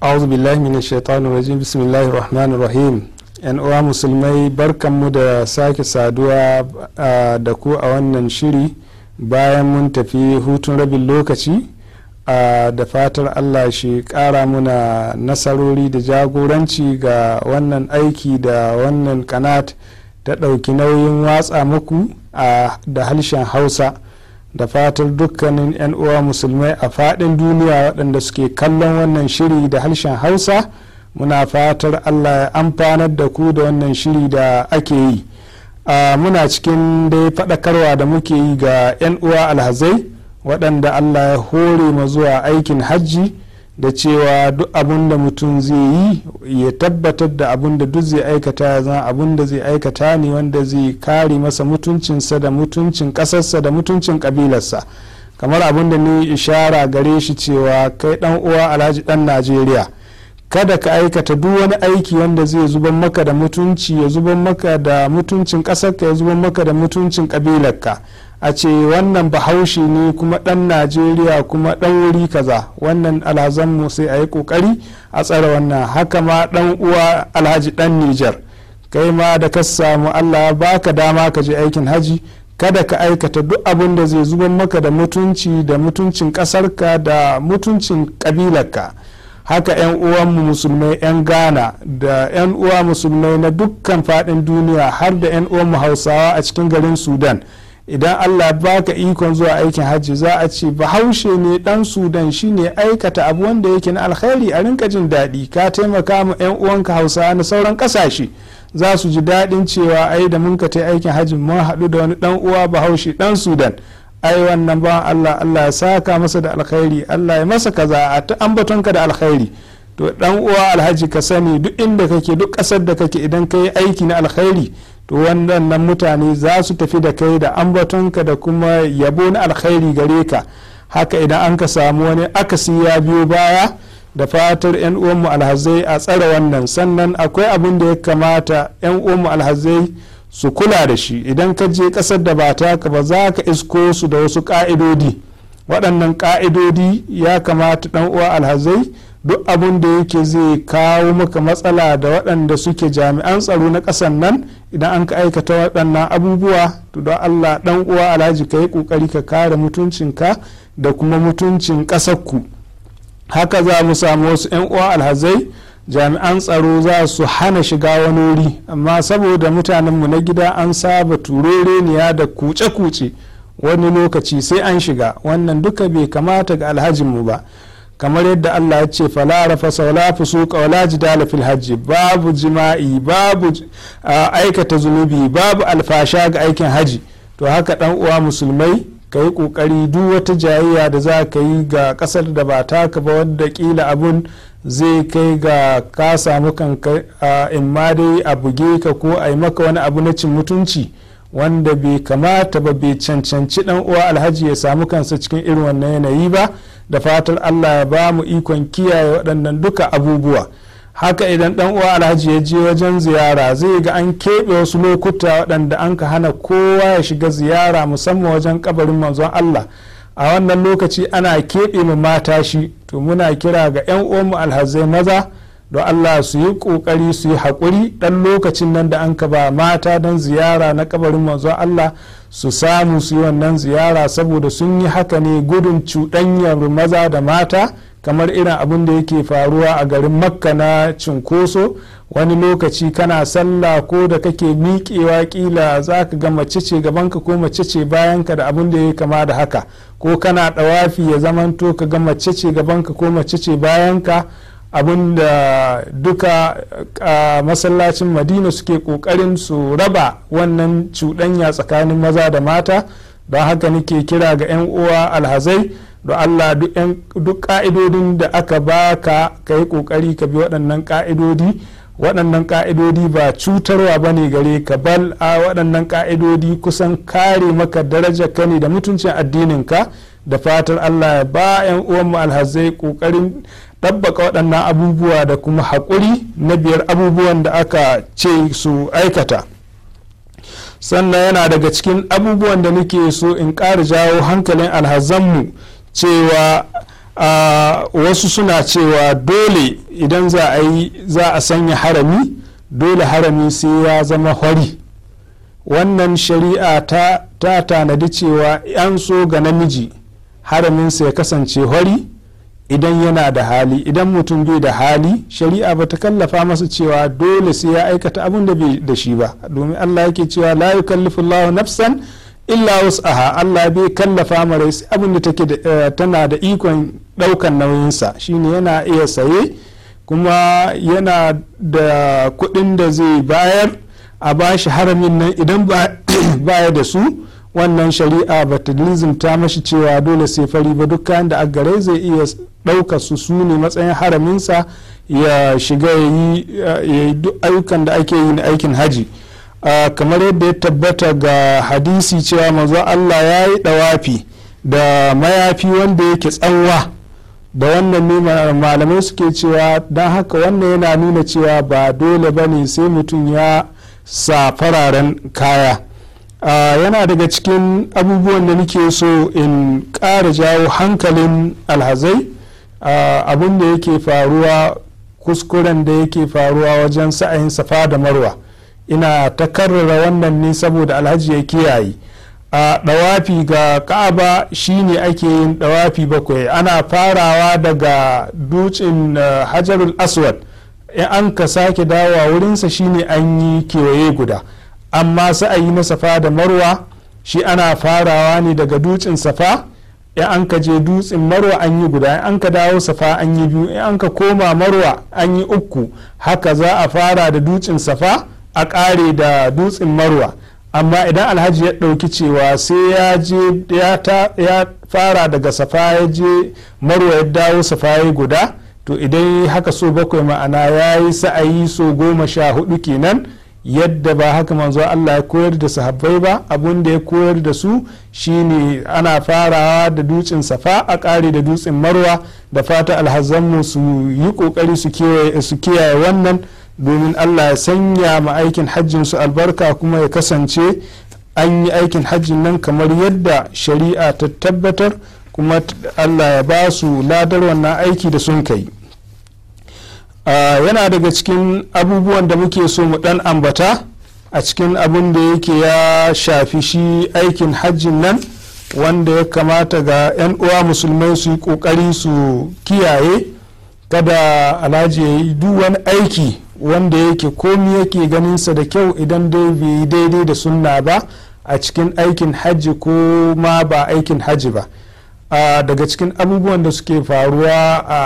auzu billahi min shaitanir rajim bismillahir rahmanir rahim yan uwa musulmai mu da sake saduwa da ku a wannan shiri bayan mun tafi hutun rabin lokaci da fatar allah shi kara muna nasarori da jagoranci ga wannan aiki da wannan kanat ta ɗauki nauyin watsa muku da harshen hausa da fatar dukkanin 'yan uwa musulmai a fadin duniya waɗanda suke kallon wannan shiri da harshen hausa muna fatar allah ya amfanar da ku da wannan shiri da ake yi muna cikin dai faɗakarwa da muke yi ga 'yan uwa alhazai waɗanda allah ya hore ma zuwa aikin hajji da cewa duk abin da mutum zai yi ya tabbatar da abin da duk zai aikata zan abin da zai aikata ne wanda zai kare masa mutuncinsa da mutuncin kasarsa da mutuncin kabilarsa kamar abin da ni ishara gare shi cewa kai dan uwa alhaji dan najeriya kada ka aikata duk wani aiki wanda zai zuban maka da mutunci ya zuban maka da mutuncin ƙasarka ya zuban maka da mutuncin ƙabilarka a ce wannan bahaushe ne kuma ɗan najeriya kuma ɗan wuri kaza wannan alhazanmu sai a yi ƙoƙari a tsara wannan haka ma ɗan uwa alhaji ɗan nijar kai ma da ka samu allah baka dama ka je aikin haji kada ka aikata duk abin da zai zuba maka da mutunci da mutuncin ƙasarka da mutuncin ƙabilarka haka 'yan uwanmu musulmai 'yan ghana da 'yan uwa musulmai na dukkan faɗin duniya har da 'yan uwanmu hausawa a cikin garin sudan idan allah baka ikon zuwa aikin hajji za a ce bahaushe ne dan sudan shine aikata abu wanda yake na alkhairi a rinka jin daɗi ka taimaka ma 'yan uwanka hausa na sauran kasashe za su ji daɗin cewa ai da mun ka ta aikin hajji mun haɗu da wani dan uwa bahaushe dan sudan ai wannan ba allah allah ya saka masa da alkhairi allah ya masa kaza a ta ka da alkhairi to dan uwa alhaji ka sani duk inda kake duk ƙasar da kake idan ka yi aiki na alkhairi to wannan mutane za su tafi da kai da ambatonka da kuma yabo na alkhairi gare ka haka idan an ka samu wani akasi ya biyo baya da fatar 'yan uwanmu alhazai a tsare wannan sannan akwai abin da ya kamata 'yan uwanmu alhazai su kula da shi idan ka je kasar da ba taka ba za ka isko su da wasu ka'idodi waɗannan ka'idodi ya kamata ɗan uwa alhazai duk abin da yake zai kawo maka matsala da waɗanda suke jami'an tsaro na ƙasan nan idan an ka aikata waɗannan abubuwa to don allah ɗan uwa alhaji ka yi ƙoƙari ka kare mutuncinka da kuma mutuncin ƙasarku haka za mu samu wasu 'yan uwa alhazai jami'an tsaro za su hana shiga wani wuri amma saboda mutanenmu na gida an saba turereniya da kuce-kuce wani lokaci sai an shiga wannan duka bai kamata ga alhajinmu ba kamar yadda Allah ya ce fala rafasa wala fusuqa wala jidala fil hajji babu jima'i babu aikata zunubi babu alfasha ga aikin hajji to haka dan uwa musulmai ka yi kokari duk wata jayayya da za ka yi ga kasar da ba taka ba wadda kila abun zai kai ga ka samu kanka in ma dai a buge ka ko a yi maka wani abu na cin mutunci wanda bai kamata ba bai cancanci dan uwa alhaji ya samu kansa cikin irin wannan yanayi ba da fatar allah ya ba mu ikon kiyaye waɗannan duka abubuwa haka idan dan uwa alhaji ya je wajen ziyara zai ga an keɓe wasu lokuta waɗanda an ka hana kowa ya shiga ziyara musamman wajen kabarin manzon allah a wannan lokaci ana keɓe mu mata shi to muna kira ga 'yan uwanmu alhazai maza don allah su yi kokari su yi haƙuri ɗan lokacin nan da an ka ba mata don ziyara na kabarin manzon allah su samu su yi wannan ziyara saboda sun yi haka ne gudun cuɗanyar maza da mata kamar irin abin da yake faruwa a garin makka na cinkoso wani lokaci kana sallah ko da kake miƙewa ƙila za ka ga mace ce gabanka ko mace ce bayanka da abin da ya kama da haka ko kana ɗawafi ya zamanto ka ga mace ce gabanka ko mace ce bayanka abinda duka a masallacin madina suke kokarin su raba wannan cuɗanya tsakanin maza da mata don haka nake kira ga 'yan uwa alhazai da allah duk ka'idodin da aka ba ka yi kokari ka bi waɗannan ka'idodi waɗannan ka'idodi ba cutarwa ba ne gare ka bal a waɗannan ka'idodi kusan kare maka daraja ka ne da mutuncin addininka da fatar allah ya ba 'yan uwanmu alhazai kokarin tabbaka waɗannan abubuwa da kuma haƙuri na biyar abubuwan da aka ce su aikata sannan yana daga cikin abubuwan da nake so in ƙara jawo hankalin alhazanmu cewa wasu suna cewa dole idan za a yi za a sanya harami dole harami sai ya zama hori wannan shari'a ta tanadi cewa 'yan so ga namiji haraminsa ya kasance hori idan yana da hali idan mutum bai da hali shari'a ba ta kallafa masa cewa dole sai ya aikata abin da bai da shi ba domin allah yake cewa la yukallifu allah nafsan illa wus'aha allah bai kallafa mara sai abin da take eh, tana da ikon daukan nauyinsa shine yana iya saye kuma yana da kuɗin da zai bayar a ba shi haramin nan idan baya da su wannan shari'a ba ta lizimta mashi cewa dole sai fari ba duk kayan da agare zai iya ɗauka su sune matsayin haraminsa ya shiga ya yi duk ayyukan da ake yi na aikin haji kamar yadda ya tabbata ga hadisi cewa manzo allah ya yi ɗawafi da mayafi wanda yake tsanwa da wannan ne malamai suke cewa don haka wannan yana nuna cewa ba dole ba ne sai mutum ya sa fararen kaya Ah, yana daga cikin abubuwan da nake so in ƙara jawo hankalin alhazai ah, abin da yake faruwa kuskuren da yake faruwa wajen sa'ayin safa da marwa ina ta karrara wannan ne saboda alhaji ya kiyaye a ah, ɗawafi ga ka'aba shine ake yin ɗawafi bakwai ana farawa daga dutsen hajarul aswad in an ka sake dawowa wurinsa shine an yi kewaye guda amma sa'ayi na safa da marwa shi ana farawa ne daga dutsen safa ya an ka je dutsen marwa an yi guda an ka dawo safa an yi biyu an ka koma marwa an yi uku haka za a fara da dutsen safa a kare da dutsen marwa amma idan alhaji ya ɗauki cewa sai ya je ya fara daga safa ya je marwa ya dawo safa ya guda to idan haka so bakwai ma'ana ya yi sa'ayi so goma sha hudu kenan yadda ba haka manzo Allah ya koyar da sahabbai ba abun da ya koyar da su shine ana farawa da dutsen safa a ƙare da dutsen marwa da fata alhazanmu su yi ƙoƙari su kiyaye wannan domin Allah ya sanya ma aikin hajjin su albarka kuma ya kasance an yi aikin hajjin nan kamar yadda shari'a ta tabbatar kuma Allah ya ba su ladar wannan aiki da sun kai. Ah, yana daga cikin abubuwan da muke so mu dan ambata a cikin abin da yake ya shafi shi aikin hajjin nan wanda ya kamata ga 'yan uwa musulmai su yi kokari su kiyaye kada alhaji ya yi duk wani aiki wanda yake komi yake ganinsa da kyau idan dai bai daidai da sunna ba a cikin aikin hajji ko ma ba aikin hajji ba ah, daga cikin abubuwan da suke faruwa a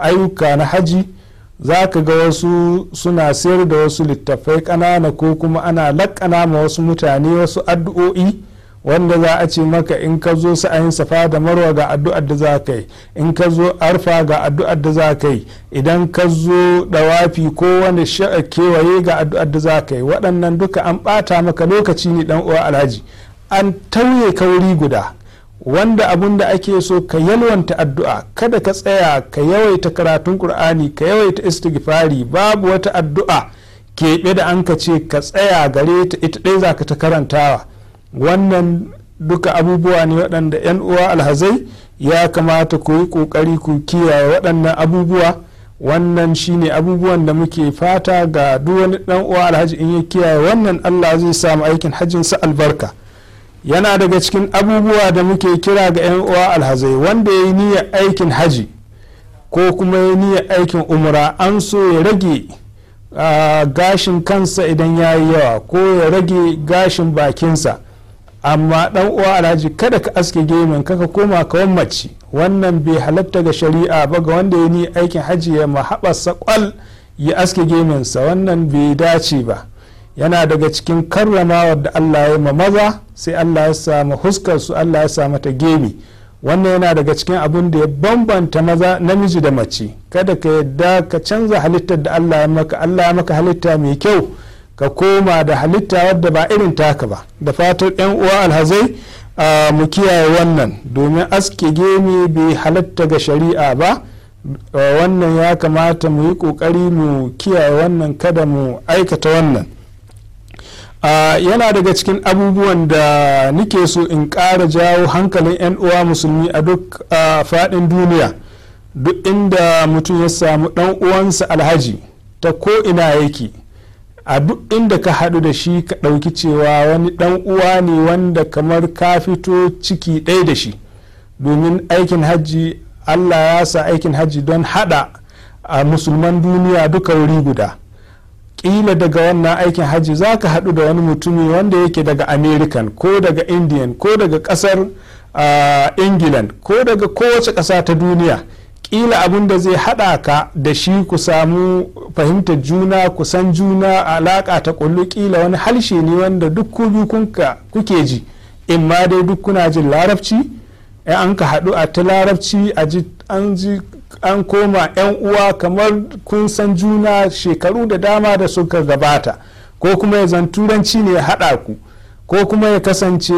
ayyuka na hajji za ka ga wasu suna sayar da wasu littafai ƙanana ko kuma ana laƙana ma wasu mutane wasu addu'o'i wanda za a ce maka in ka zo sa'ayin safa da marwa ga addu'ar da za ka yi in ka zo arfa ga addu'ar da za ka yi idan ka zo dawafi ko wani kewaye ga addu'ar da za ka yi waɗannan duka an ɓata maka lokaci ne ɗan uwa alhaji an tauye kauri guda wanda abun da ake so ka yalwanta addu'a kada ka tsaya ka yawaita karatun qur'ani ka yawaita istighfari babu wata addu'a keɓe da an ka ce ka tsaya gare ta ita ɗaya za ka ta karantawa wannan duka abubuwa ne waɗanda 'yan uwa alhazai ya kamata ku yi ƙoƙari ku kiyaye waɗannan abubuwa wannan shine abubuwan da muke fata ga duk wani ɗan uwa alhaji in ya kiyaye wannan allah zai samu aikin hajjinsa albarka yana daga cikin abubuwa da muke kira ga 'yan uwa alhazai wanda ya yi niyyar aikin haji ko kuma ya yi niyyar aikin umra an so ya rage gashin kansa idan ya yi yawa ko ya rage gashin bakinsa amma dan uwa alhaji kada ka aske gemin kaka koma ka mace wannan bai halatta ga shari'a ba ga wanda ya yi aikin haji ya mahaɓa kwal ya aske geminsa wannan bai dace ba yana daga cikin karramawar da allah ya ma maza sai allah ya samu huskar su allah ya samu ta gemi wannan yana daga cikin abin da ya bambanta maza namiji da mace kada ka yadda ka canza halittar da allah ya maka allah ya maka halitta mai kyau ka koma da halitta wadda ba irin taka ba da fatar yan uwa alhazai a mu kiyaye wannan domin aske gemi bai halatta ga shari'a ba wannan ya kamata mu yi kokari mu kiyaye wannan kada mu aikata wannan Ah, yana daga cikin abubuwan da nike so in ƙara jawo hankalin 'yan uwa musulmi a duk ah, faɗin duniya duk inda mutum ya samu ɗan uwansa alhaji ta ko ina yake a duk inda ka haɗu da shi ka ɗauki cewa wani ɗan uwa ne wanda kamar ka fito ciki ɗaya da shi domin aikin hajji allah ya sa aikin hajji don haɗa a ah, musulman duniya duka wuri guda kila daga wannan aikin hajji za ka haɗu da wani mutumi wanda yake daga american ko daga indian ko daga ƙasar england ko daga kowace ƙasa ta duniya kila abin da zai haɗa ka da shi ku samu fahimtar juna ku san juna alaƙa ta ƙullu kila wani harshe ne wanda duk ku kuke ji in ma dai duk kuna jin larabci an ka haɗu a ta larabci a ji an ji an koma 'yan uwa kamar kun san juna shekaru da dama da suka gabata ko kuma ya zan turanci ne ya haɗa ku ko kuma ya kasance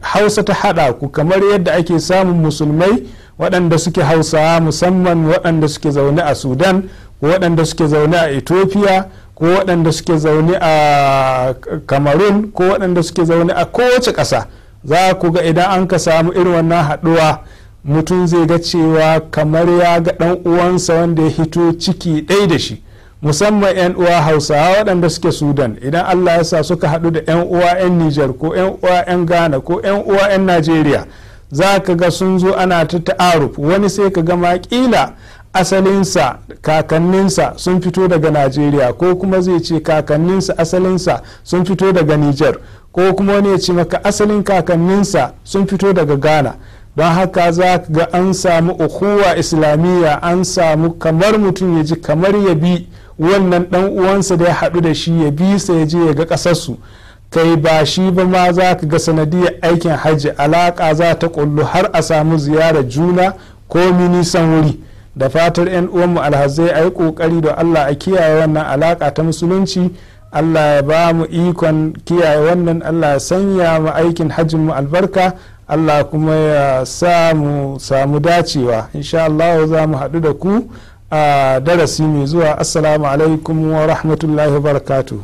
hausa ta haɗa ku kamar yadda ake samun musulmai waɗanda suke hausawa musamman waɗanda suke zaune a sudan ko waɗanda suke zaune a ethiopia ko waɗanda suke zaune a cameroon ko waɗanda suke zaune a kowace ƙasa za ku ga idan an ka samu irin wannan haɗuwa mutum zai ga cewa kamar ya ga ɗan uwansa wanda ya hito ciki ɗai da shi musamman 'yan uwa hausawa waɗanda suke sudan idan allah ya sa suka haɗu da 'yan uwa 'yan nijar ko 'yan uwa 'yan ghana ko 'yan uwa 'yan najeriya za ka ga sun zo ana ta ta'aruf wani sai ka ga kila asalinsa kakanninsa sun fito daga najeriya ko kuma zai ce kakanninsa asalinsa sun fito daga nijar ko kuma wani ya ce maka asalin kakanninsa sun fito daga ghana don haka za ga an samu ukuwa islamiyya an samu kamar mutum ya ji kamar ya bi wannan dan uwansa da ya haɗu da shi ya bi sa ya je ya ga ƙasarsu kai ba shi ba ma za ka ga sanadiyar aikin hajji alaƙa za ta kullu har a samu ziyarar juna ko nisan wuri da fatar 'yan uwanmu alhazai a yi ƙoƙari da allah a kiyaye wannan alaƙa ta musulunci allah ya ba mu ikon kiyaye wannan allah ya sanya mu aikin hajjin mu albarka allah kuma ya samu samu dacewa insha Allah za mu haɗu da ku a darasi mai zuwa assalamu alaikum wa rahmatullahi wa barakatuh